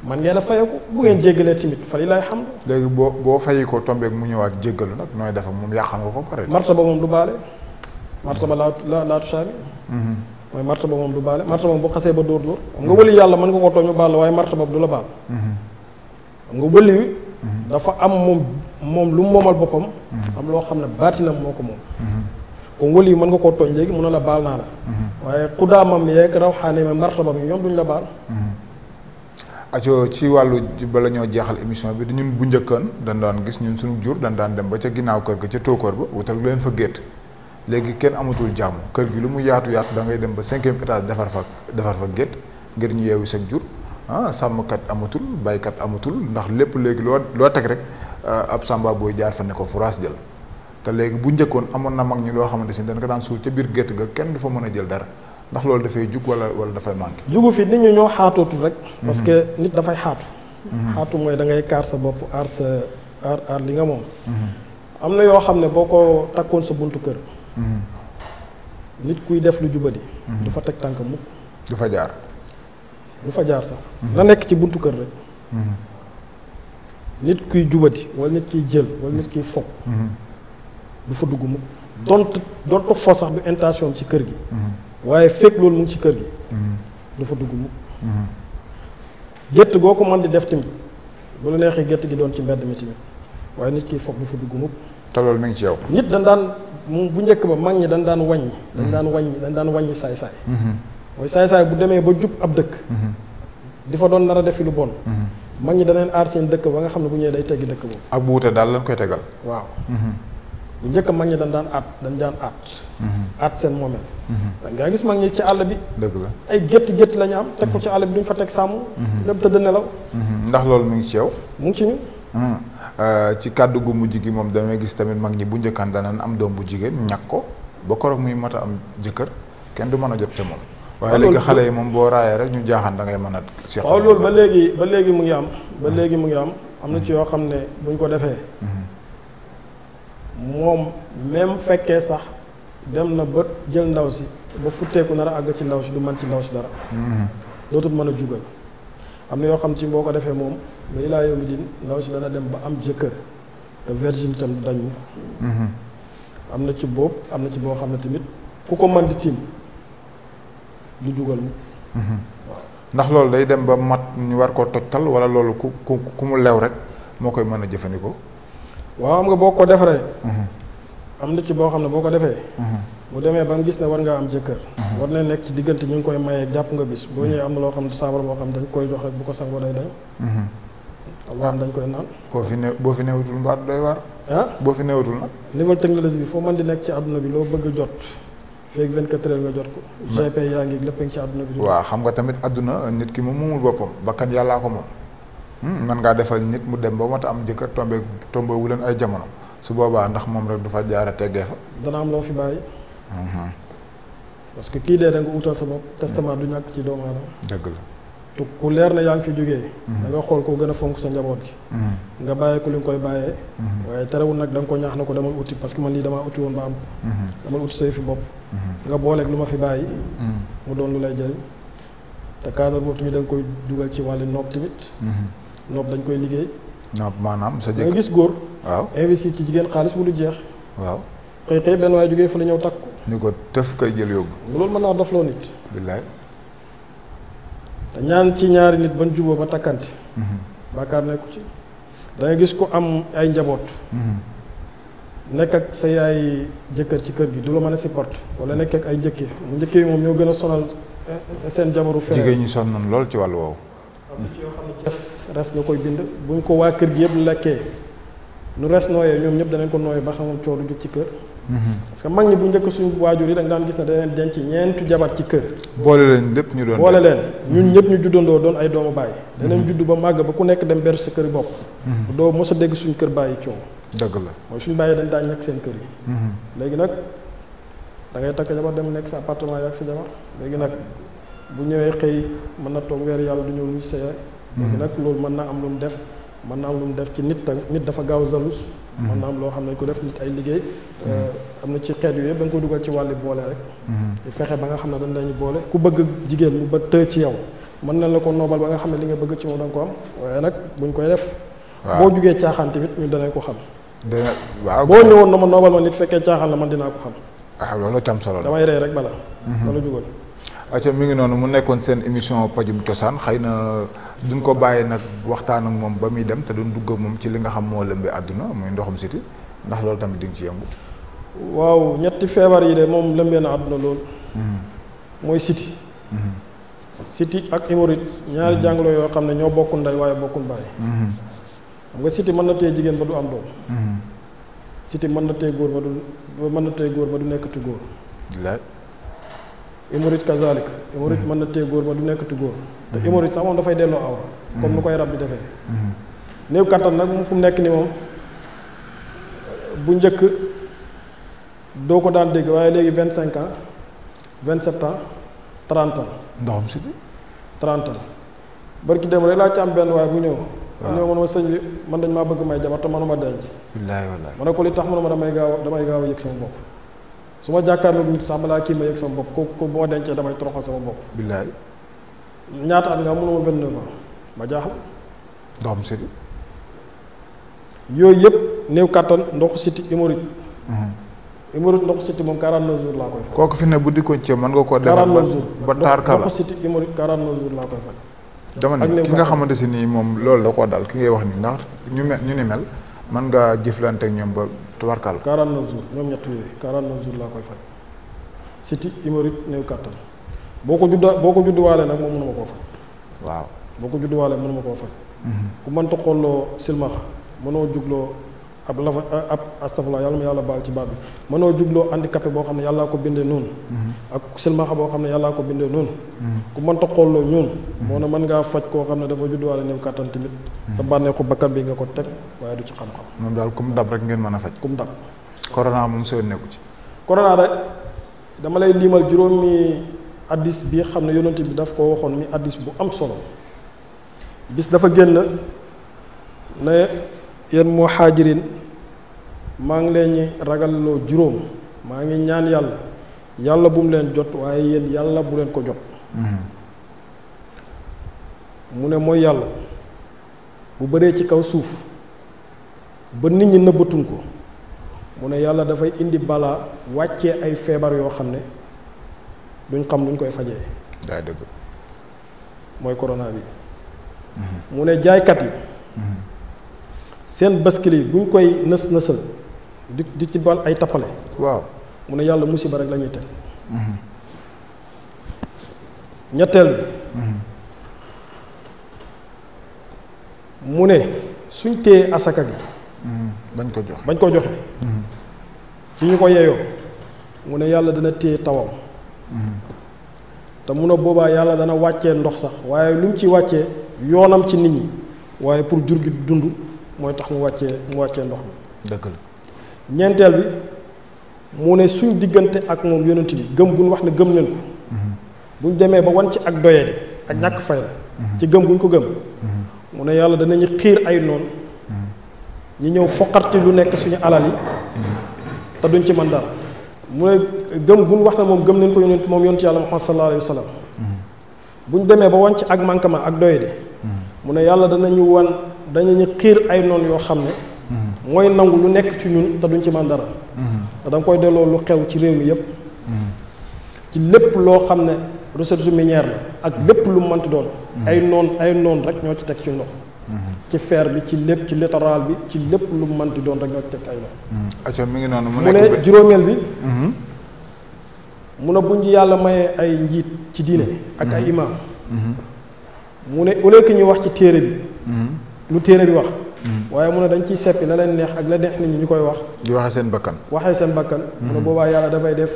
man ngeen a fayeku bu ngeen jéggalee tamit fa lay xam léegi boo boo fayi ko tombeek mu ñëw ñëwaat jéggalu nag nooy defa moom yàqal nga ko pare ba moom du baale martaba laa laa laatu saabi mooy martaba moom du baale martaba moom bu xasee ba ya, dóor xam nga wëli yàlla mën nga ko tooñ mu baal martaba du la nga dafa am moom moom lu moomal boppam am loo xam ne baatinam moo ko moom kon wëli wi mën nga koo tooñ léegi mun na la baal naa la waaye xudaamam yeeg rawxaane ma martabam yi ñoom duñ la baal aco ci wàllu bala ñoo jeexal émission bi dañun bu njëkkaan dañ daan gis ñun suñu jur dañ daan dem ba ca kër ga ca ba wutal leen fa léegi ken amutul jam, kër gi lu mu yaatu yaatu da ngay dem ba 5e étage defar fa defar fa gétt ngir ñu yewu sax jur ah sàmmkat amatul kat amatul ndax lepp lo rek ah, ab samba boy jaar fa ne ko furaas jël te léegi bu njëkkoon amon na mag ñu lo xamanteni si dañ ko daan sul ci bir gétt ga kenn du fa mëna jël dara ndax loolu fay juk wala wala fay manki jugu fi nit ñu ñoo xaatootul rek. Mhm. parce que nit fay xatu mhm. xatu moy da ngay kaar sa bop ar sa ar ar li nga mom mhm. amna yo xamne boko takkon sa buntu kër. nit kuy def lu jubadi. Mhm. du fa teg tànk mukk du fa jaar. du fa jaar sax. Mhm. na nekk ci buntu kër rek. Mhm. nit kuy jubadi wala nit kiy jël wala nit kiy foog. du fa dugg mukk dont dont fo sax du intention ci kër gi. waaye fekk loolu mu ci kër gi. du fa dugg mukk gétt goo ko mën di def tamit bu la neexee gétt gi doon ci mbedd mi tamit waaye nit kiy foog du fa dugg mukk te loolu mi ngi ci yow. nit dañ dan bu ñëk ba mag ñi dañ dan wañ dañ dan wañ dañ dan wañ say say hmm moy say say bu démé ba jup ab dëkk. hmm difa doon nar a defi lu bon. Mhm. mag ñi dañ leen ar seen dëkk ba nga xamne bu ñëw day teggi dëkk bu ak bu wuté dal lañ koy tegal. waaw. hmm bu ñëk mag ñi dañ dan at dañ dan at hmm at seen moomeel. Mhm. nga gis mag ñi ci àll bi. dëgg la ay gétt gétt lañ am. teg ko mhm. ci àll bi duñ fa tek teg sàmm. lépp tëdd hmm ndax loolu mi ngi ci yow. mu ngi ci ñu. hmm Euh, ci kàddu mu mujj gi moom damay gis tamit mag ñi bu njëkkaan danaan am doom bu jigéen ñàkk ko ba koroog muy mat a am jëkkër kenn du mën a jot ca moom waaye léegi xale yi moom boo raayee rek ñu jaaxaan da ngay mën si waaw loolu ba léegi ba léegi mu am ba hmm. léegi mu ngi am am na ci yoo xam ne buñ ko defee hmm. moom même fekkee sax dem na ba jël ndaw si ba futteeku nar a àgg ci ndaw si du mën ci ndaw si dara hmm. dootul mën a jugal am na yoo xam ci boo ko defee moom ba ilaa yow mi ndaw si dana dem ba am jëkkër te vergine tam dañu mhm. am na ci boobu am na ci boo xam ne tamit ku ko mën di tiim du mhm. ndax loolu day dem ba mat ñu war koo tojtal wala loolu ku ku ku mu lew rek moo koy mën a jëfandikoo waaw am nga boo ko defaree mhm. am na ci boo xam ne boo ko defee mu demee ba nga gis ne war ngaa am jëkkër war na nekk ci diggante ñu ngi koy mayee jàpp nga bis boo ñëwee am na loo xam ne saabara boo xam ne dañ koy jox rek bu ko sangoo day dañ waaw dañ koy naan. boo fi ne boo fi newatul mbaa doy waar. Ah? boo fi newatul nag. niveau technologie bi foo man di nekk ci àdduna bi loo bëgg a jot. feeg 24 heures nga jot ko. GP yaa ngi lépp ci àdduna bi. waaw xam nga tamit àdduna nit ki moom moomul boppam bakkan yàllaa ko moom. Hmm, mën ngaa defal nit mu dem ba mat am jëkkër tombé tombé leen ay jamono su boobaa ndax moom rek du fa jaara teggee fa. dana am loo fi bàyyi. Hmm. parce que kii dee da nga utal sa bopp testament du ñàkk ci doomu aadama. dëgg la. te ku leer na yaa ngi fi jógee. Mhm. da xool koo gën a fonk sa njaboot gi. Mhm. nga bàyyee ko nga koy bàyyee. Mhm. waaye terewul nag da ko ñax na ko demal uti parce que man lii damaa uti woon ba am. damal uti say fi bopp. nga booleeg lu ma fi bàyyi. mu doon lu lay jëriñ. te cadre boobu tamit da koy dugal ci wàll noob tamit. noob dañ koy liggéey. noob maanaam sa jëkkër nga gis góor. waaw investi ci jigéen xaalis bu du jeex. waaw xëy xëy benn waaye jógee fa la ñëw takk ni ko tëf koy jël yóbbu. loolu mën naa dofloo nit. billaay. ñaan ci ñaari nit bañ juboo ba takkante mhm. bàkkaar nekku ci da gis ko am ay njaboot mhm. nekk ak sa yaay jëkkër ci kër gi du la mën a supporte wala nekk ak ay njëkke njëkke yi moom ñoo gën a sonal eh, eh, seen jabaru feneen jigéen ñi sonn nañ lool ci wàllu woowu am ci yoo res nga koy bind bu ñu ko waa kër gi yëpp lekkee nu res nooyee ñoom ñëpp danañ ko nooyee ba xamam coow du jug ci kër parce que mag ñi bu njëkk suñu waajur yi da nga daan gis ne da leen denc ñeenti jabar ci kër. boole leen lépp ñu doon boole leen ñun mm-hmm. ñepp ñu juddondo doon ay doomu bàyyi. danañ mm-hmm. judd ba mag ba ku nekk dem beru sa kër bop mm-hmm. do mo sa dégg suñu kër bàyyi ciow dëgg la mo suñu bàyyi dañ daan ñak seen kër yi. légui nak da ngay takk jabar dem nekk sa appartement yak sa jabar légui nak bu ñëwé xey mën na tok wër yalla du ñëw ñu sa légui nak loolu mën na am luñu def mën na luñu def ci nit nit dafa gaaw zalus mën na am loo xam ne ko def nit ay liggéey euh, am na ci xet yu yëpp dañ ko dugal ci wàlli boole rek mm-hmm. di fexe ba nga xam ne dañ lañu boole ku bëgg jigéen mu ba të ci yow mën na la ko noobal ba nga xam ne li nga bëgg ci moom da nga ko am waaye nag buñ koy def boo jugee caaxaan tamit ñu danañ ko xam dana waaw boo ñëwoon na ma noobal ma nit fekkee caaxaan la man dinaa ko xam waaw ah, loolu tam solo damay rey rek bala mm-hmm. loolu jugal aca mi ngi noonu mu nekkoon seen émission pajum cosaan xay na duñ ko bàyyi nag waxtaan ak moom ba muy dem te duñ dugg moom ci li nga xam moo lëmbe àdduna muy ndoxum siti ndax loolu tamit di ci yëngu. waaw ñetti feebar yi de moom lëmbee na àdduna loolu mm-hmm. mooy siti mm-hmm. siti ak hémorroïde ñaari mm-hmm. jàngoro yoo xam ne ñoo bokku ndey waaye bokkul bàyyi xam nga siti mën na tee jigéen ba du am doom siti mën na tee góor ba du mën na tee góor ba du nekkati góor hémorroïde kazalik hémorroïde mën na tee góor ba du nekkati góor te hémorroïde sax moom dafay delloo awra comme mhm. nu koy rab bi defee mhm. néew kattan nag mu fu mu nekk ni moom bu njëkk doo ko daan dégg waaye léegi vingt cinq ans vingt sept ans trente ans ndax am si trente ans barki dem rek laa ci am benn waaye bu ñëw waaw ñoo man ma sëñ bi man dañ maa bëgg may jabar te manuma denc. wallaahi wallaahi ma ne ko li tax manuma damay gaaw damay gaaw a yëg sama bopp su ma jàkkaarloog nit sax balaa kii ma yëg sama bopp kooku ko boo dencee damay toroxal sama bopp. billaay. ñaata at nga mënuma vingt neuf ans ma jaaxal. ndox mu siti. yooyu yëpp néew kattan ndox siti hémorroïde. hémorroïde ndoxu siti mhm. moom 49 jours laa koy faj. bu dikkoon ceeb mën koo. ba taar kala ndoxu siti hémorroïde 49 jours laa koy faj. nga xamante si nii moom loolu da ko dal ki ngay wax ni ndax ñu mel ñu ni mel man nga jëflante ñoom ba. tubarkaal. 49 jours ñoom ñett yooyu 49 jours laa koy faj siti hémorroïde néew kàttan boo ko judda boo ko judduwaalee nag moom mënuma koo faj. waaw boo ko judduwaalee mënuma koo faj. Mhm. ku mënta xolloo silmaxa mënoo jugloo ab lafa ab astafurlah yàlla ma yàlla baal ci baat bi mënoo jubloo handicapé boo xam ne yàllaa ko bindee noonu. Mm-hmm. ak silmaxa boo xam ne yàllaa ko bindee noonu. Mm-hmm. ku mënta xooloo ñun. Mm-hmm. moo ne mën ngaa faj koo xam ne dafa judduwaale néew kàttan tamit. sa bànneexu bakkan bi nga ko teg waaye du ci xam-xam. moom daal kum dab rek ngeen mën a faj. kum dab. corona moom soo nekku ci. corona rek dama lay liimal juróomi addis bii xam ne yonent bi daf koo waxoon mi addis bu am solo bis dafa génn ne. yéen muhajirin maa ngi leen ragalloo juróom maa ngi ñaan yàlla yàlla bu mu leen jot waaye yéen yàlla bu leen ko jot mm-hmm. mu ne mooy yàlla bu baree ci kaw suuf ba nit ñi nëbbatuñ ko mu ne yàlla dafay indi balaa wàcce ay feebar yoo xam ne duñ xam luñ koy fajee daa dëgg mooy corona bi mm-hmm. mu ne jaaykat yi mm-hmm. sen baskili yi bu koy nës nësal di di ci bal ay tappale waaw mu ne yalla musiba rek lañuy tek hmm ñettel hmm mu ne suñ té asaka gi bañ ko jox bañ ko joxe mhm. ci ñu ko yeyo mu ne yalla dana té tawam mhm. ta mu ne boba yalla dana wàccee ndox sax waye lu ci wàccee yonam ci nit ñi waye pour jurgi dundu moy tax mu wacce mu wacce ndox mi deug la ñentel bi mo ne suñu digënté ak mom yonent bi gëm buñ wax ne gëm nañ ko mhm. buñ démé ba won ci ak di ak mhm. fay la mhm. ci gëm buñ ko gëm mo ne yàlla danañu xir ay non ñi ñëw foqarti lu nekk suñu alal yi ta duñ ci man dara mu ne gëm buñ wax na mom gëm nañ ko yonent mom yonent yalla Muhammad sallallahu alayhi wasallam buñ démé ba won ci ak mankama ak di mu ne yàlla danañu won dañu xiir ay noon yoo xam ne mooy nangu lu nekk ci ñun te duñ ci man dara da koy delloo lu xew ci réew mi yépp ci lépp loo xam ne ressource minière la ak lépp lu mënti doon ay noon ay noon rek ñoo ci teg ci ndox ci fer bi ci lépp ci littoral bi ci lépp lu mënti doon rek ñoo teg ay noon mi ngi noonu mu ne juróomeel bi mhm. mu ne buñ yàlla mayee ay njiit ci diine mhm. ak ay mhm. imaam mu ne au ñu wax ci téere bi lu téere bi wax. Mm. waaye mu ne dañ ciy seppi la leen neex ak la neex nit ñi ñu koy wax. di waxee seen bakkan. waxee seen bakkan. Mm. mun ne boobaa yàlla dafay def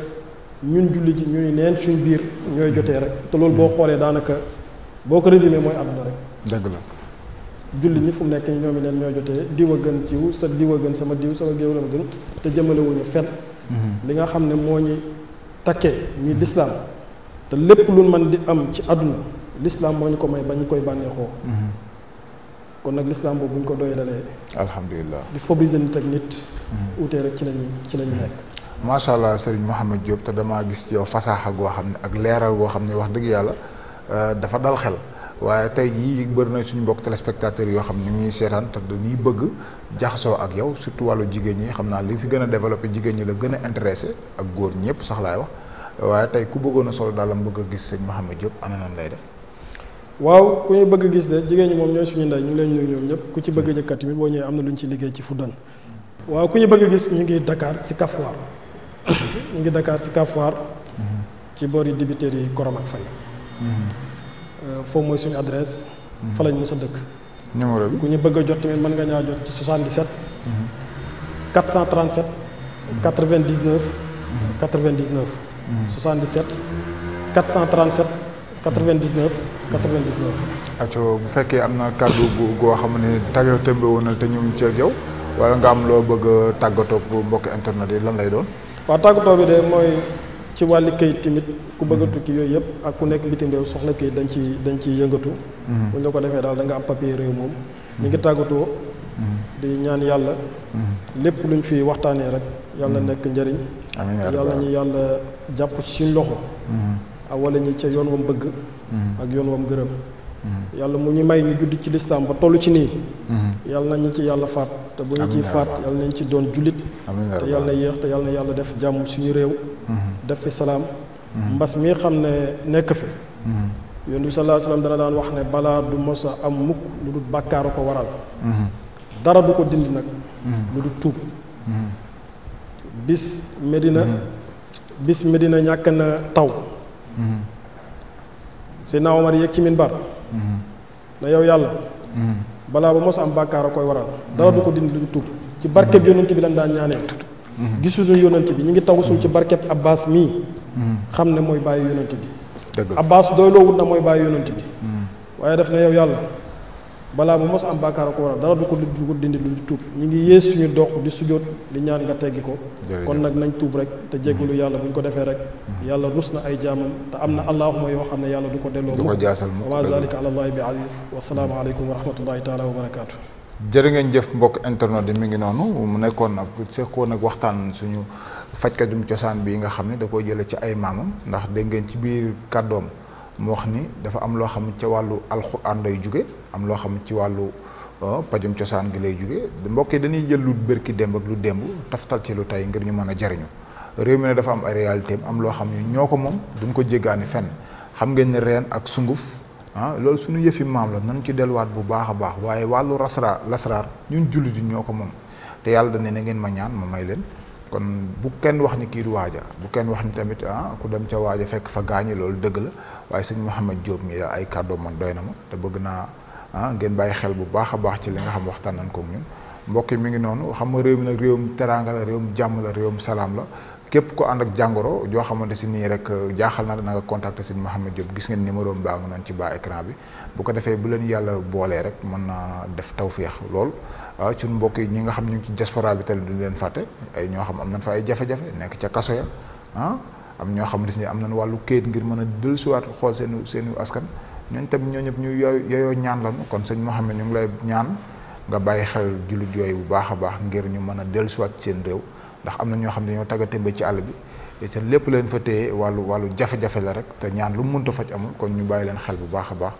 ñun julli ci ñu neen suñ biir ñooy jotee rek te loolu boo xoolee daanaka boo ko résumé mooy àdduna rek. dëgg la. julli ñi fu nekk ñoom leen ñoo jotee diw a gën jiw sa diw a gën sama diw sama géew la ma gën te jëmale fet mm-hmm. li nga xam ne moo ñu takkee ñuy lislaam te lépp lu man di am ci àdduna lislaam moo ñu ko may ba ñu koy bànneexoo mm-hmm. kon nag lislaam boobu bu ñu ko doyalalee. alhamdulilah di fobiser nit ak nit. Hmm. uutee rek ci lañu ci lañu nekk. Hmm. macha allah Serigne Mouhamed Diop te damaa gis ci yow fasaaxa goo xam ne ak leeral goo xam ne wax dëgg yàlla euh, dafa dal xel waaye tey jii bëri na suñu mbokk téléspectateurs yoo xam ne ñu ngi seetaan te dañuy bëgg jaxasoo ak yow surtout wàllu jigéen ñi xam naa li fi gën a développé jigéen ñi la gën a intéressé ak góor ñëpp sax laay wax waaye tey ku bëggoon a solo daal la bëgg a gis Serigne Mouhamed Diop ana nan lay def. waaw ku ñu bëgg gis de jigéen ñi moom ñooy suñu ndey ñu ngi leen nuyu ñoom ñëpp ku ci bëgg jëkkat tamit boo ñëwee am na lu ci liggéey ci fuddan waaw ku ñu bëgg gis ñu ngi Dakar si Kafoar ñu ngi Dakar si Kafoar mm-hmm. ci boori dibiteer yi Korom ak Fay mm-hmm. euh, foofu mooy suñu adresse mm-hmm. fa lañ mës a dëkk numéro bi ku ñu bëgg a jot tamit mën nga ñaa jot ci 77 437 99 99 77 437 99 99. acco bu fekkee am na kàddu goo xam ne tàggatoo tembe woon na te ñu ngi ci ak yow wala nga am loo bëgg a tàggatoo bu mbokki internet yi lan lay doon. waaw tàggatoo bi de mooy ci wàllu kayit tamit ku bëgg a tukki yooyu yëpp ak ku nekk bitim réew soxla kayit dañ ci dañ ciy yëngatu. Mm-hmm. bu ñu ko defee daal da nga am papier réew moom. Mm-hmm. ñu ngi tàggatoo. Mm-hmm. di ñaan yàlla. lépp luñ fi waxtaanee rek. yàlla nekk njëriñ. amiin yàlla ñu jàpp ci suñu loxo. wala ñi ca yoon wam bëgg mm-hmm. ak yoon wam gërëm mm-hmm. yàlla mu ñu may ñu judd ci lislaam ba toll ci nii mm-hmm. yàlla nañu ci yàlla faat te bu ñu ciy faat yàlla nañ ci doon jullit te yàlla na yéex te yàlla na yàlla def jàmm suñu réew def fi salaam mbas mi xam ne nekk fi yoon bi sallallahu dana daan wax ne balaa du mos a am mukk lu dul bàkkaaru ko waral dara du ko dindi nag lu dul tuub bis Medina bis Medina ñàkk na taw Mm-hmm. Seydina Omar yéeg ci minbar mm-hmm. na yow yàlla mm-hmm. balaa ba mos am bàkkaar a koy waral dara du ko dindi lu tuub ci barkeb yonent bi lañ daan ñaanee gisuñu yonent bi ñu ngi tawsul ci barkeb Abbas mii xam ne mooy bàyyi yonent bi Abbas doyloo wut na mooy bàyyi yonent bi waaye def na yow yàlla balaa bu mos am bàkkaar ko waral dara du ko dugg dindi lu tuub ñu ngi yées suñu dox di sujjóot di ñaan nga teggi ko kon nag nañ tuub rek te jéggalu mm-hmm. yàlla bu ñu ko defee rek mm-hmm. yàlla rus na ay jaamam te am na allahuma yoo xam ne yàlla du ko delloo mu wa ma zalika ala allahi bi aziz wasalaamu aleykum wa rahmatullahi taala wa barakaatu jërë ngeen jëf mbokk internet yi mi ngi noonu mu nekkoon nag seqoon nag waxtaan suñu fajkatum cosaan bii nga xam ne da koo jële ci ay maamam ndax dégg ngeen ci biir kàddoom mu wax ni dafa am loo xam ci wàllu alxuraan lay jóge am loo xam ci wàllu euh, pajum cosaan gi lay jóge mbokkee yi dañuy jël lu bërki démb ak lu démb taftal ci lu tey ngir ñu mën a jariñu réew mi ne dafa am a réalité am loo xam ni ñoo ko moom duñ ko jéggaani fenn xam ngeen ne reen ak sunguf ah loolu suñu yëfi maam la nañ ci delluwaat bu baaxa baax waaye wàllu rasra lasraar ñun jullit yi ñoo ko moom te yàlla dañ ne na ngeen ma ñaan ma may leen kon bu kenn wax ni kii du waaja bu kenn wax ni tamit ah ku dem ca waaja fekk fa gaañi loolu dëgg la waaye sëñ Mouhamed Diop mi daal ay kàddoom man doy na ma te bëgg naa ah ngeen bàyyi xel bu baax a baax ci li nga xam waxtaan nañ ko ñun mbokk yi mi ngi noonu xam nga réew mi nag réewum teraanga la réewum jàmm la réewum salaam la képp ko ànd ak jàngoro joo xamante si nii rek eh, jaaxal na nga contacté seigne mohammed Diop gis ngeen numéro baa ngi non ci ba écran bi bu ko defé bu len yalla bolé rek mën na def tawféex lool ah, ci mbokk yi nga xam ñu ci diaspora bi tamit du len faté ay ño xam am nañ fa ay jafé jafé nek ci kasso ya ah am xam xamante ni am nañ walu keet ngir del ci wat xol seen seen askan ñooñu tam ñoo ñep ñu yoyo ñaan lan kon seigne mohammed ñu ngi lay ñaan nga bàyyi xel julit yoy bu baaxa baax ngir ñu del ci wat seen réew ndax am na ñoo xam ne ñoo tàggatee ba ci àll bi te lépp leen fa téye wàllu wàllu jafe-jafe la rek te ñaan lu mu mënta faj amul kon ñu bàyyi leen xel bu baax a baax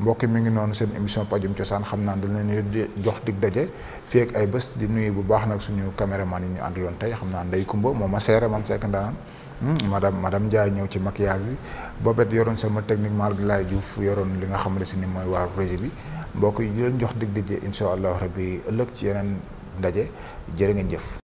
mbokki mi ngi noonu seen émission pajum cosaan xam naa dañ leen di jox dig daje fii ay bés di nuyu bu baax nag suñu caméraman yi ñu àndaloon tey xam naa Ndey Kumba moo ma seere man Seck Ndanaan hmm, madame madame Ndiaye ñëw ci maquillage bi Bobet yoroon sama technique ma Abdoulaye Diouf yoroon li nga xamante si ni mooy waaru régie bi mbokk yi di jox dig daje incha allah rabbi ëllëg ci yeneen ndaje jërë ngeen